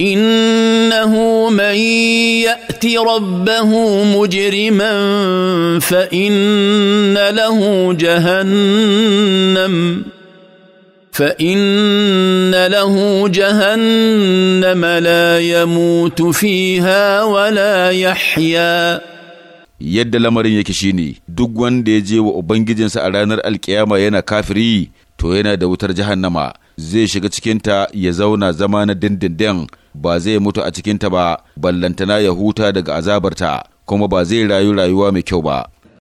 انه من يات ربه مجرما فان له جهنم فان له جهنم لا يموت فيها ولا يحيا yadda lamarin yake shine duk wanda ya je wa ubangijinsa a ranar alkiyama yana kafiri to yana da wutar jahannama zai shiga cikinta ya zauna zama na dindindin ba zai mutu a cikinta ba ballantana ya huta daga azabarta kuma ba zai rayu rayuwa mai kyau ba